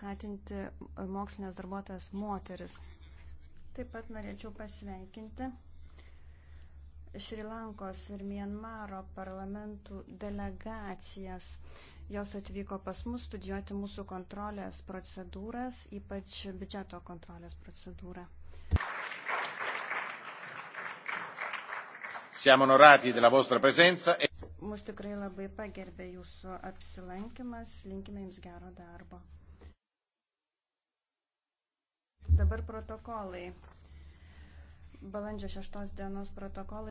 paskatinti e, mokslinės darbuotojas moteris. Taip pat norėčiau pasveikinti Šrilankos ir Mienmaro parlamentų delegacijas. Jos atvyko pas mus studijuoti mūsų kontrolės procedūras, ypač biudžeto kontrolės procedūrą. Siamo onorati della vostra presenza. E mus tikrai labai pagerbė jūsų apsilankimas, linkime jums gero darbo. Dabar protokolai. Balandžio 6 dienos protokolai.